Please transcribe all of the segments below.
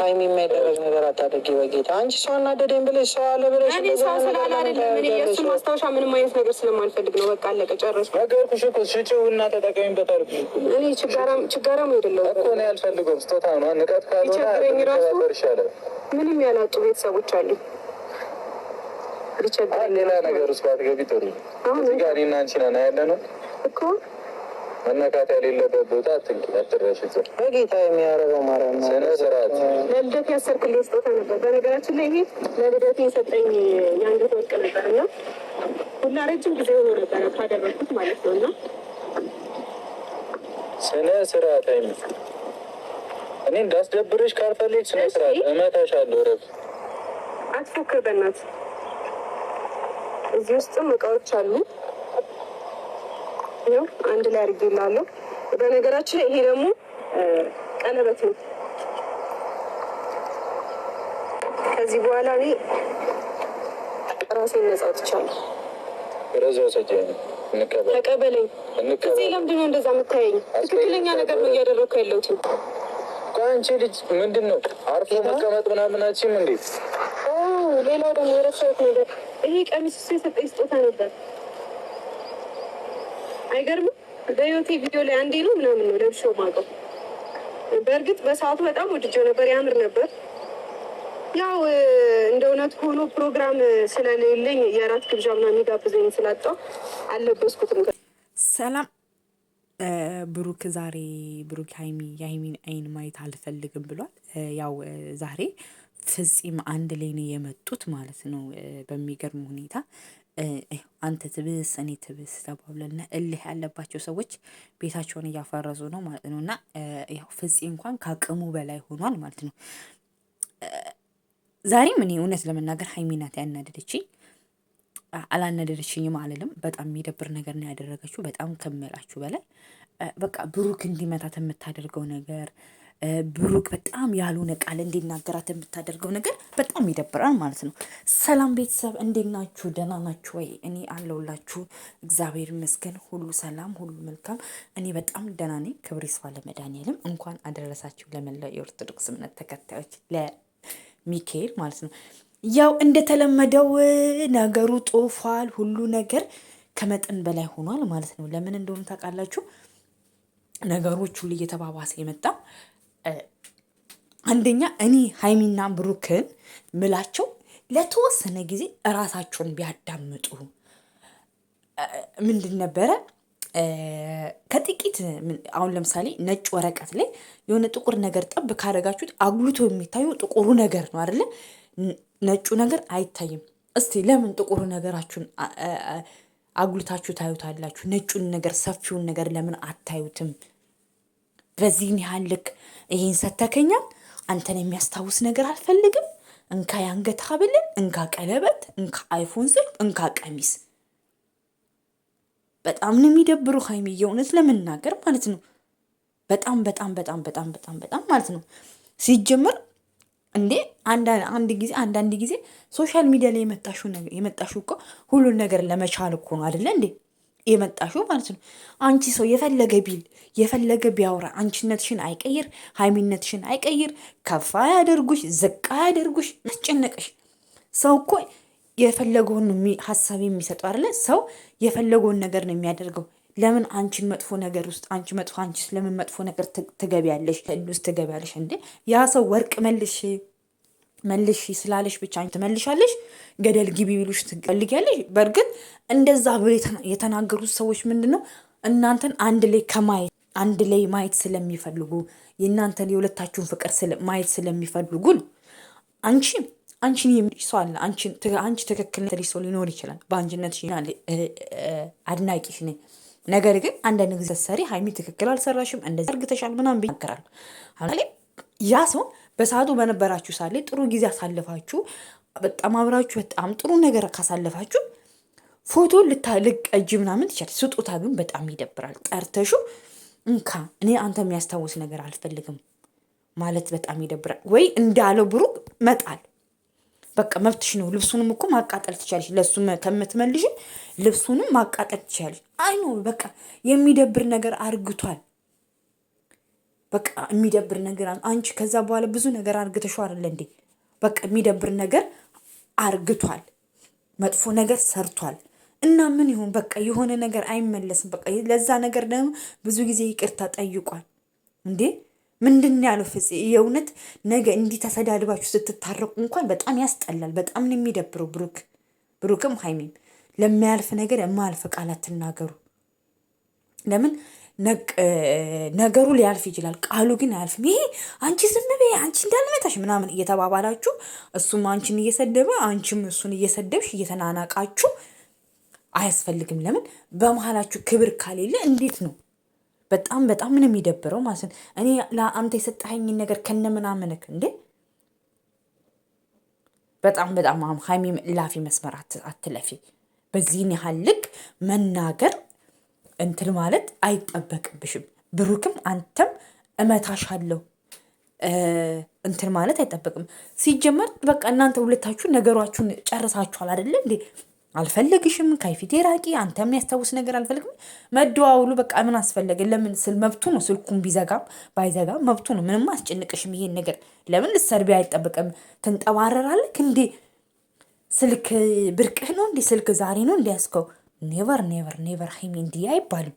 ሀይሚ የማይደረግ ነገር አታደርጊ። በጌታ አንቺ ሰው እናደደኝ ብለሽ ሰው አለ ብለሽ እኔ ሰው ስላለ አይደለም። እኔ የእሱ ማስታወሻ ምንም አይነት ነገር ስለማልፈልግ ነው። በቃ አለቀ፣ ጨረስኩ። ነገርኩሽ እኮ ስጪው እና ተጠቀሚበት አልኩሽ። እኔ ችጋራም አይደለም እኮ እኔ አልፈልገውም። ስጦታ ነው። ንቀት ካልሆነ ሊቸግረኝ ይሻላል። ምንም ያላጡ ቤተሰቦች አሉኝ። ሊቸግረኝ ሌላ ነገር ውስጥ ባትገቢ ጥሩ። እዚህ ጋር እኔ እና አንቺ ነን ያለ ነው እኮ መነካት የሌለበት ቦታ አትንኪ፣ አትረሽ። በጌታ የሚያረገው ማርያም ስነ ስርዓት ለልደት ያሰርክልኝ ስጦታ ነበር። በነገራችን ላይ ይሄ ለልደት የሰጠኝ የአንገት ወርቅ ነበር እና ሁላ ረጅም ጊዜ ሆኖ ነበረ ካደረግኩት ማለት ነው። እና ስነ ስርዓት አይም እኔ እንዳስደብርሽ ካልፈልግ ስነ ስርዓት እመታሻለሁ። ረብ አትፎክር በእናት እዚህ ውስጥም እቃዎች አሉ ይኸው አንድ ላይ አድርጌላለሁ። በነገራችን ላይ ይሄ ደግሞ ቀለበት ነው። ከዚህ በኋላ እኔ ራሴን ነጻ አውጥቻለሁ። ተቀበለኝ። እዚህ ለምንድን ነው እንደዛ የምታየኝ? ትክክለኛ ነገር ነው እያደረግኩ ያለሁትን። ከአንቺ ልጅ ምንድን ነው አርፎ መቀመጥ ምናምናችም እንዴት። ሌላው ደግሞ የረሳሁት ነገር ይሄ ቀሚስ እሱ የሰጠኝ ስጦታ ነበር። አይገርምም። በህይወቴ ቪዲዮ ላይ አንዴ ነው ምናምን ነው ለብሾ ማቀው። በእርግጥ በሰዓቱ በጣም ወድጀው ነበር፣ ያምር ነበር። ያው እንደ እውነት ከሆኖ ፕሮግራም ስለሌለኝ የራት ግብዣ ምናምን የሚጋብዘኝ ስላጣሁ አልለበስኩትም። ሰላም ብሩክ ዛሬ ብሩክ ሀይሚ የሀይሚን አይን ማየት አልፈልግም ብሏል። ያው ዛሬ ፍጺም አንድ ላይ ነው የመጡት ማለት ነው በሚገርም ሁኔታ አንተ ትብስ እኔ ትብስ ተባብለና እልህ ያለባቸው ሰዎች ቤታቸውን እያፈረሱ ነው ማለት ነው። እና ያው ፍጺ እንኳን ከአቅሙ በላይ ሆኗል ማለት ነው። ዛሬም እኔ እውነት ለመናገር ሀይሚ ናት ያናደደችኝ። አላናደደችኝም አልልም። በጣም የሚደብር ነገር ነው ያደረገችው። በጣም ከምላችሁ በላይ በቃ ብሩክ እንዲመታት የምታደርገው ነገር ብሩክ በጣም ያልሆነ ቃል እንዲናገራት የምታደርገው ነገር በጣም ይደብራል ማለት ነው። ሰላም ቤተሰብ እንዴት ናችሁ? ደህና ናችሁ ወይ? እኔ አለሁላችሁ። እግዚአብሔር ይመስገን፣ ሁሉ ሰላም፣ ሁሉ መልካም። እኔ በጣም ደህና ነኝ። ክብር ይስፋ ለመድኃኒዓለም። እንኳን አደረሳችሁ ለመላው የኦርቶዶክስ እምነት ተከታዮች ለሚካኤል ማለት ነው። ያው እንደተለመደው ነገሩ ጦፏል። ሁሉ ነገር ከመጠን በላይ ሆኗል ማለት ነው። ለምን እንደሆነ ታውቃላችሁ? ነገሮች ሁሉ እየተባባሰ የመጣ አንደኛ እኔ ሀይሚና ብሩክን ምላቸው ለተወሰነ ጊዜ እራሳቸውን ቢያዳምጡ ምንድን ነበረ ከጥቂት አሁን ለምሳሌ ነጭ ወረቀት ላይ የሆነ ጥቁር ነገር ጠብ ካደረጋችሁት አጉልቶ የሚታየው ጥቁሩ ነገር ነው አይደለ? ነጩ ነገር አይታይም። እስቲ ለምን ጥቁሩ ነገራችሁን አጉልታችሁ ታዩታላችሁ? ነጩን ነገር ሰፊውን ነገር ለምን አታዩትም? በዚህን ያህል ልክ ይህን ሰተከኛል፣ አንተን የሚያስታውስ ነገር አልፈልግም፣ እንካ የአንገት ሐብልን፣ እንካ ቀለበት፣ እንካ አይፎን ስልክ፣ እንካ ቀሚስ። በጣም ነው የሚደብሩ ሀይሚዬ፣ እውነት ለመናገር ማለት ነው። በጣም በጣም በጣም በጣም በጣም በጣም ማለት ነው። ሲጀምር እንዴ አንድ ጊዜ አንዳንድ ጊዜ ሶሻል ሚዲያ ላይ የመጣሹ እኮ ሁሉን ነገር ለመቻል እኮ ነው አይደለ እንዴ? የመጣሽው ማለት ነው። አንቺ ሰው የፈለገ ቢል የፈለገ ቢያወራ አንቺነትሽን አይቀይር፣ ሀይሚነትሽን አይቀይር። ከፋ ያደርጉሽ፣ ዝቃ ያደርጉሽ፣ ያስጨነቀሽ ሰው እኮ የፈለገውን ሀሳብ የሚሰጠው አይደለ? ሰው የፈለገውን ነገር ነው የሚያደርገው። ለምን አንቺን መጥፎ ነገር ውስጥ አንቺ መጥፎ አንቺ ለምን መጥፎ ነገር ትገቢያለሽ? ውስጥ ትገቢያለሽ እንዴ? ያ ሰው ወርቅ መልሽ መልሽ ስላለሽ ብቻ ትመልሻለሽ፣ ገደል ግቢ ቢሉሽ ትፈልጊያለሽ። በእርግጥ እንደዛ ብሎ የተናገሩት ሰዎች ምንድን ነው እናንተን አንድ ላይ ከማየት አንድ ላይ ማየት ስለሚፈልጉ የእናንተን የሁለታችሁን ፍቅር ማየት ስለሚፈልጉ ነው። አንቺ አንቺን የሚልሽ ሰው አለ። አንቺ ትክክል ሰው ሊኖር ይችላል። በአንቺነት አድናቂሽ ነኝ። ነገር ግን አንዳንድ ጊዜ ሰሪ ሀይሚ ትክክል አልሰራሽም እንደዚህ እርግተሻል ምናምን ይናገራል ያ ሰው በሰዓቱ በነበራችሁ ሳለ ጥሩ ጊዜ አሳልፋችሁ በጣም አብራችሁ በጣም ጥሩ ነገር ካሳለፋችሁ ፎቶ ልቀጅ ምናምን ትችላለች። ስጦታ ግን በጣም ይደብራል። ጠርተሹ እንካ እኔ አንተ የሚያስታውስ ነገር አልፈልግም ማለት በጣም ይደብራል። ወይ እንዳለው ብሩክ መጣል በቃ መብትሽ ነው። ልብሱንም እኮ ማቃጠል ትችላለች። ለሱ ከምትመልሽ ልብሱንም ማቃጠል ትችላለች። አይኖ በቃ የሚደብር ነገር አርግቷል። በቃ የሚደብር ነገር አንቺ ከዛ በኋላ ብዙ ነገር አርግተሽው አለ እንዴ? በቃ የሚደብር ነገር አርግቷል፣ መጥፎ ነገር ሰርቷል። እና ምን ይሁን በቃ የሆነ ነገር አይመለስም። በቃ ለዛ ነገር ደግሞ ብዙ ጊዜ ይቅርታ ጠይቋል እንዴ ምንድን ያለው ፍፄ? የእውነት ነገ እንዲህ ተሰዳድባችሁ ስትታረቁ እንኳን በጣም ያስጠላል። በጣም ነው የሚደብረው። ብሩክ ብሩክም ሀይሚም ለሚያልፍ ነገር የማያልፍ ቃል አትናገሩ። ለምን ነገሩ ሊያልፍ ይችላል፣ ቃሉ ግን አያልፍም። ይሄ አንቺ ዝም በይ አንቺ እንዳልመታሽ ምናምን እየተባባላችሁ እሱም አንቺን እየሰደበ አንቺም እሱን እየሰደብሽ እየተናናቃችሁ አያስፈልግም። ለምን በመሀላችሁ ክብር ካሌለ እንዴት ነው? በጣም በጣም ምን የሚደብረው ማለት ነው። እኔ ለአንተ የሰጠኸኝን ነገር ከነምናምንክ እንዴ በጣም በጣም ሀይሚ ላፊ መስመር አትለፊ። በዚህን ያህል ልክ መናገር እንትን ማለት አይጠበቅብሽም። ብሩክም አንተም እመታሻለሁ እንትን ማለት አይጠበቅም። ሲጀመር በቃ እናንተ ሁለታችሁ ነገሯችሁን ጨርሳችኋል አደለ እንዴ? አልፈለግሽም፣ ከፊቴ ራቂ፣ አንተ የሚያስታውስ ነገር አልፈልግም። መደዋውሉ በቃ ምን አስፈለገ? ለምን ስል መብቱ ነው። ስልኩን ቢዘጋም ባይዘጋም መብቱ ነው። ምንም አስጨንቅሽም። ይሄን ነገር ለምን ልትሰርቢ አይጠበቅም። ትንጠባረራለክ እንዴ? ስልክ ብርቅህ ነው እንዴ? ስልክ ዛሬ ነው እንዲያስከው ኔቨር ኔቨር ኔቨር ሀይሚ እንዲህ አይባልም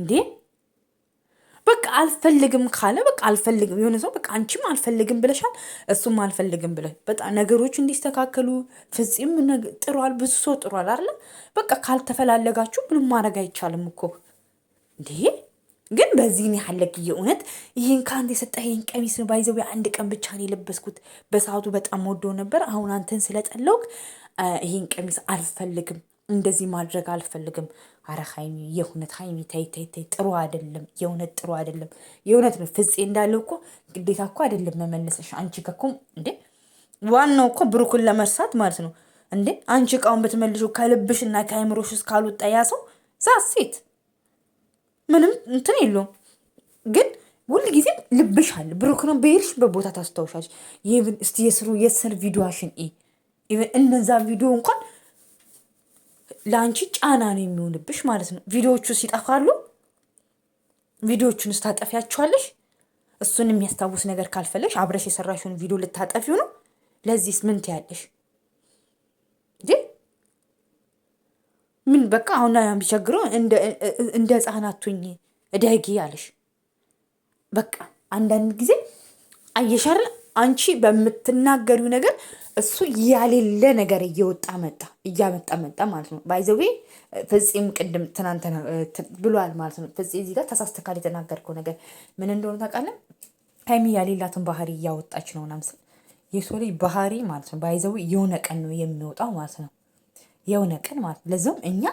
እንዴ። በቃ አልፈልግም ካለ በቃ አልፈልግም። የሆነ ሰው በቃ አንቺም አልፈልግም ብለሻል፣ እሱም አልፈልግም ብለ በጣም ነገሮች እንዲስተካከሉ ፍጹም ጥሯል፣ ብዙ ሰው ጥሯል አለ። በቃ ካልተፈላለጋችሁ ምንም ማድረግ አይቻልም እኮ እንዴ። ግን በዚህን ያህል ለግዬ እውነት ይህን ከአንተ የሰጠኸኝ ቀሚስ ነው ባይዘው አንድ ቀን ብቻ ነው የለበስኩት። በሰዓቱ በጣም ወዶ ነበር። አሁን አንተን ስለጠለውክ ይህን ቀሚስ አልፈልግም፣ እንደዚህ ማድረግ አልፈልግም። አረ ሀይሚ፣ የእውነት ሀይሚ ተይ ተይ ተይ፣ ጥሩ አይደለም። የእውነት ጥሩ አይደለም። የእውነት ነው ፍፄ እንዳለው እኮ ግዴታ እኮ አይደለም መመለሰሽ። አንቺ ከኩም እንዴ ዋናው እኮ ብሩክን ለመርሳት ማለት ነው እንዴ አንቺ እቃውን ብትመልሹ ከልብሽና እና ከአይምሮሽ እስካልወጣ ያ ሰው ዛ ሴት ምንም እንትን የለውም። ግን ሁልጊዜም ልብሽ አለ። ብሩክን በሄድሽበት በቦታ ታስታውሻለሽ። ይህን እስቲ የስሩ የስር ቪዲዮሽን እነዛ ቪዲዮ እንኳን ለአንቺ ጫና ነው የሚሆንብሽ ማለት ነው። ቪዲዮዎቹስ ይጠፋሉ። ቪዲዮዎቹን ስታጠፊያቸዋለሽ። እሱን የሚያስታውስ ነገር ካልፈለሽ አብረሽ የሰራሽውን ቪዲዮ ልታጠፊው ነው። ለዚህስ ምን ትያለሽ? ምን በቃ አሁን የሚቸግረው እንደ ህፃናቱኝ እደጊ አለሽ። በቃ አንዳንድ ጊዜ አየሻር አንቺ በምትናገሪው ነገር እሱ ያሌለ ነገር እየወጣ መጣ እያመጣ መጣ ማለት ነው። ባይዘዌ ፍፄም ቅድም ትናንተ ብሏል ማለት ነው። ፍፄ እዚህ ጋር ተሳስተካል። የተናገርከው ነገር ምን እንደሆነ ታውቃለህ? ሀይሚ ያሌላትን ባህሪ እያወጣች ነው ምናምን ስል የሰው ልጅ ባህሪ ማለት ነው። ባይዘዌ የሆነ ቀን ነው የሚወጣው ማለት ነው። የሆነ ቀን ማለት ነው። ለዚያውም እኛ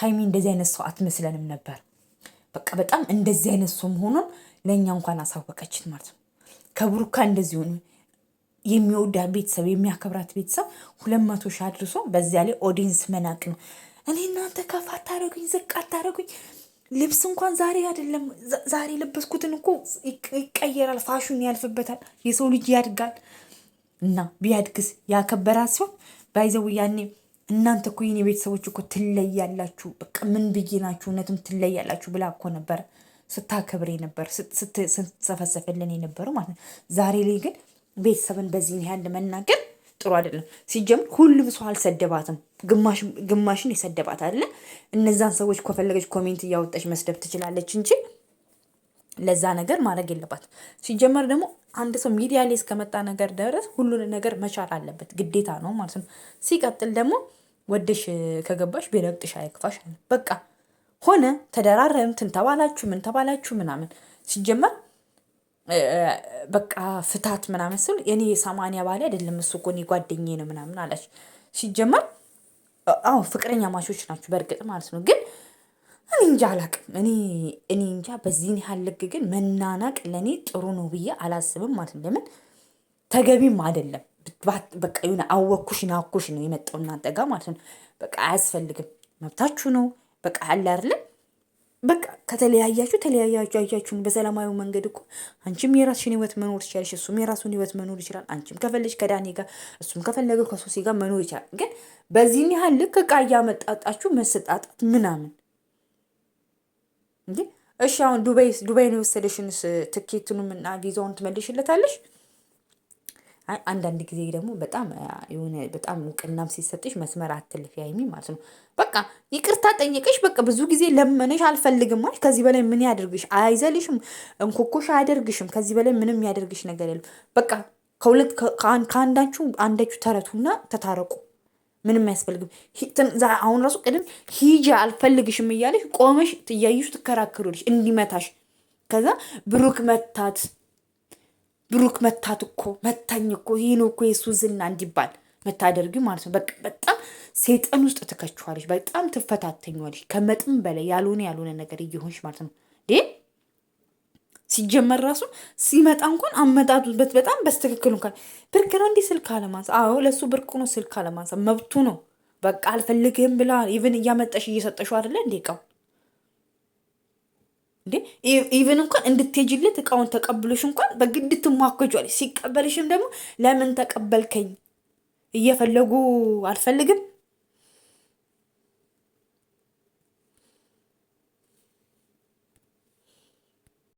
ሀይሚ እንደዚህ አይነት ሰው አትመስለንም ነበር። በቃ በጣም እንደዚህ አይነት ሰው መሆኑን ለእኛ እንኳን አሳወቀችን ማለት ነው። ከብሩካ እንደዚህ ሆኑ የሚወዳ ቤተሰብ የሚያከብራት ቤተሰብ ሁለት መቶ ሺህ አድርሶ በዚያ ላይ ኦዲንስ መናቅ ነው። እኔ እናንተ ከፍ አታደረጉኝ፣ ዝቅ አታደረጉኝ። ልብስ እንኳን ዛሬ አይደለም ዛሬ ለበስኩትን እኮ ይቀየራል፣ ፋሽን ያልፍበታል፣ የሰው ልጅ ያድጋል እና ቢያድግስ ያከበራት ሲሆን ባይዘው ያኔ እናንተ እኮ የኔ ቤተሰቦች እኮ ትለያላችሁ፣ በቃ ምን ብዬ ናችሁ እውነትም ትለያላችሁ ብላ እኮ ነበር ስታከብሬ ነበር ስትሰፈሰፈልን የነበረው ማለት ነው። ዛሬ ላይ ግን ቤተሰብን በዚህ ያህል መናገር ጥሩ አይደለም። ሲጀምር ሁሉም ሰው አልሰደባትም፣ ግማሽን የሰደባት አለ። እነዛን ሰዎች ከፈለገች ኮሜንት እያወጣች መስደብ ትችላለች እንጂ ለዛ ነገር ማድረግ የለባት። ሲጀመር ደግሞ አንድ ሰው ሚዲያ ላይ እስከመጣ ነገር ድረስ ሁሉን ነገር መቻል አለበት፣ ግዴታ ነው ማለት ነው። ሲቀጥል ደግሞ ወደሽ ከገባሽ ቢረግጥሽ አይክፋሽ። በቃ ሆነ ተደራረም እንትን ተባላችሁ ምን ተባላችሁ ምናምን ሲጀመር በቃ ፍታት ምናምን ስል የኔ ሰማንያ ባሌ አይደለም እሱ እኮ እኔ ጓደኛዬ ነው ምናምን አላች። ሲጀመር አዎ ፍቅረኛ ማቾች ናችሁ በእርግጥ ማለት ነው ግን እኔ እንጃ አላቅም። እኔ እኔ እንጃ በዚህን ያህል ልክ ግን መናናቅ ለእኔ ጥሩ ነው ብዬ አላስብም ማለት ነው። ለምን ተገቢም አይደለም። በቃ የሆነ አወኩሽ ናኩሽ ነው የመጣው እናንተ ጋር ማለት ነው። በቃ አያስፈልግም። መብታችሁ ነው። በቃ አለ አይደለ በቃ ከተለያያችሁ ተለያያችሁ። አያችሁን በሰላማዊ መንገድ እኮ አንቺም የራስሽን ህይወት መኖር ትችላለሽ፣ እሱም የራሱን ህይወት መኖር ይችላል። አንቺም ከፈለች ከዳኔ ጋር፣ እሱም ከፈለገ ከሶሴ ጋር መኖር ይችላል። ግን በዚህን ያህል ልክ እቃ እያመጣጣችሁ መሰጣጣት ምናምን እንዴ? እሺ አሁን ዱባይ ነው የወሰደሽን ትኬቱንም እና ቪዛውን ትመልሽለታለሽ? አንዳንድ ጊዜ ደግሞ በጣም የሆነ በጣም ቅናም ሲሰጥሽ መስመር አትልፊ ሀይሚ ማለት ነው። በቃ ይቅርታ ጠየቀሽ፣ በቃ ብዙ ጊዜ ለመነሽ፣ አልፈልግም ማለት ከዚህ በላይ ምን ያደርግሽ? አይዘልሽም፣ እንኮኮሽ አያደርግሽም። ከዚህ በላይ ምንም ያደርግሽ ነገር የለም። በቃ ከሁለት ከአንዳችሁ አንዳችሁ ተረቱና ተታረቁ። ምንም አያስፈልግም። አሁን ራሱ ቅድም ሂጂ አልፈልግሽም እያለሽ ቆመሽ ትያዩሽ ትከራከሩልሽ እንዲመታሽ። ከዛ ብሩክ መታት ብሩክ መታት እኮ መታኝ እኮ ይህ ነው እኮ የሱ ዝና እንዲባል መታደርጊው ማለት ነው። በጣም ሴጠን ውስጥ ትከችዋለሽ፣ በጣም ትፈታተኛለሽ ከመጠን በላይ ያልሆነ ያልሆነ ነገር እየሆንሽ ማለት ነው። ዴ ሲጀመር ራሱ ሲመጣ እንኳን አመጣጡበት በጣም በስትክክል እንኳን ብርቅ ነው እንዲህ ስልክ አለማንሳት። አዎ ለእሱ ብርቅ ነው ስልክ አለማንሳት፣ መብቱ ነው። በቃ አልፈልግህም ብላ ኢቨን እያመጠሽ እየሰጠሽ አደለ እንዴ? እቃው እንዴ ኢቨን እንኳን እንድትሄጂለት እቃውን ተቀብሎሽ እንኳን በግድ ትሟገጇል። ሲቀበልሽም ደግሞ ለምን ተቀበልከኝ እየፈለጉ አልፈልግም